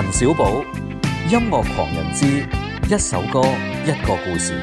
陳少寶，音樂狂人之一首歌一個故事。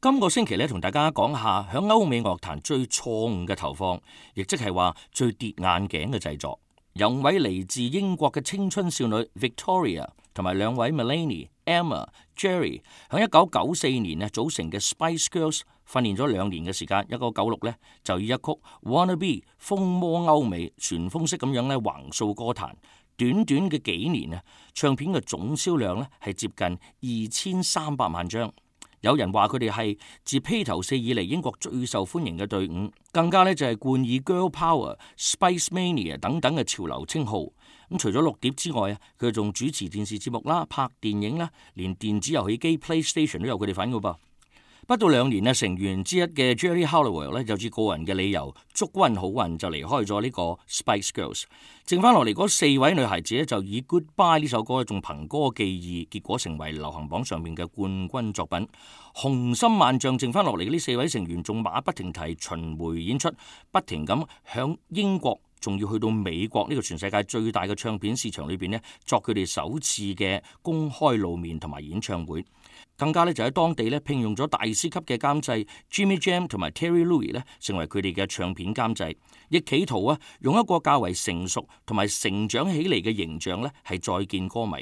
今個星期咧，同大家講下響歐美樂壇最錯誤嘅投放，亦即係話最跌眼鏡嘅製作。有位嚟自英國嘅青春少女 Victoria，同埋兩位 Melanie。Emma、Jerry 喺一九九四年咧組成嘅 Spice Girls 訓練咗兩年嘅時間，一九九六咧就以一曲《Wanna Be》風靡歐美，旋風式咁樣咧橫掃歌壇。短短嘅幾年啊，唱片嘅總銷量咧係接近二千三百萬張。有人話佢哋係自披頭四以嚟英國最受歡迎嘅隊伍，更加咧就係冠以 Girl Power、Spice Mania 等等嘅潮流稱號。咁除咗錄碟之外啊，佢仲主持電視節目啦、拍電影啦，連電子遊戲機 PlayStation 都有佢哋份噶噃。不到兩年啊，成員之一嘅 Geri Halliwell 咧，就以個人嘅理由祝君好運就離開咗呢個 Spice Girls。剩翻落嚟嗰四位女孩子咧，就以 Goodbye 呢首歌仲憑歌寄意，結果成為流行榜上面嘅冠軍作品。雄心萬丈，剩翻落嚟嗰啲四位成員仲馬不停蹄巡迴演出，不停咁響英國，仲要去到美國呢個全世界最大嘅唱片市場裏邊咧，作佢哋首次嘅公開露面同埋演唱會，更加咧就喺當地咧聘用咗大師級嘅監製 Jimmy Jam 同埋 Terry Lewis 咧，成為佢哋嘅唱片監製，亦企圖啊用一個較為成熟同埋成長起嚟嘅形象咧，係再見歌迷，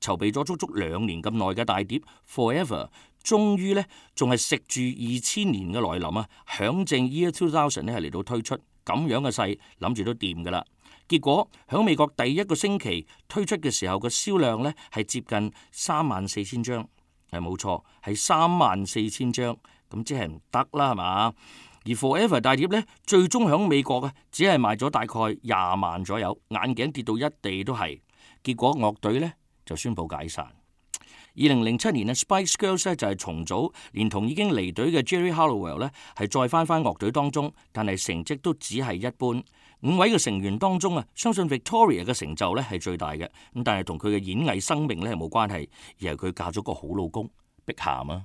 籌備咗足足兩年咁耐嘅大碟 Forever，終於咧仲係食住二千年嘅來臨啊，響正 Year Two Thousand 咧係嚟到推出。咁樣嘅勢，諗住都掂噶啦。結果喺美國第一個星期推出嘅時候嘅銷量呢，係接近三萬四千張，係冇錯，係三萬四千張。咁即係唔得啦，係嘛？而 Forever 大碟呢，最終喺美國啊，只係賣咗大概廿萬左右，眼鏡跌到一地都係。結果樂隊呢，就宣布解散。二零零七年 Spice Girls 就係重組，連同已經離隊嘅 Geri Halliwell 咧係再返返樂隊當中，但係成績都只係一般。五位嘅成員當中啊，相信 Victoria 嘅成就咧係最大嘅，咁但係同佢嘅演藝生命咧係冇關係，而係佢嫁咗個好老公碧咸。啊。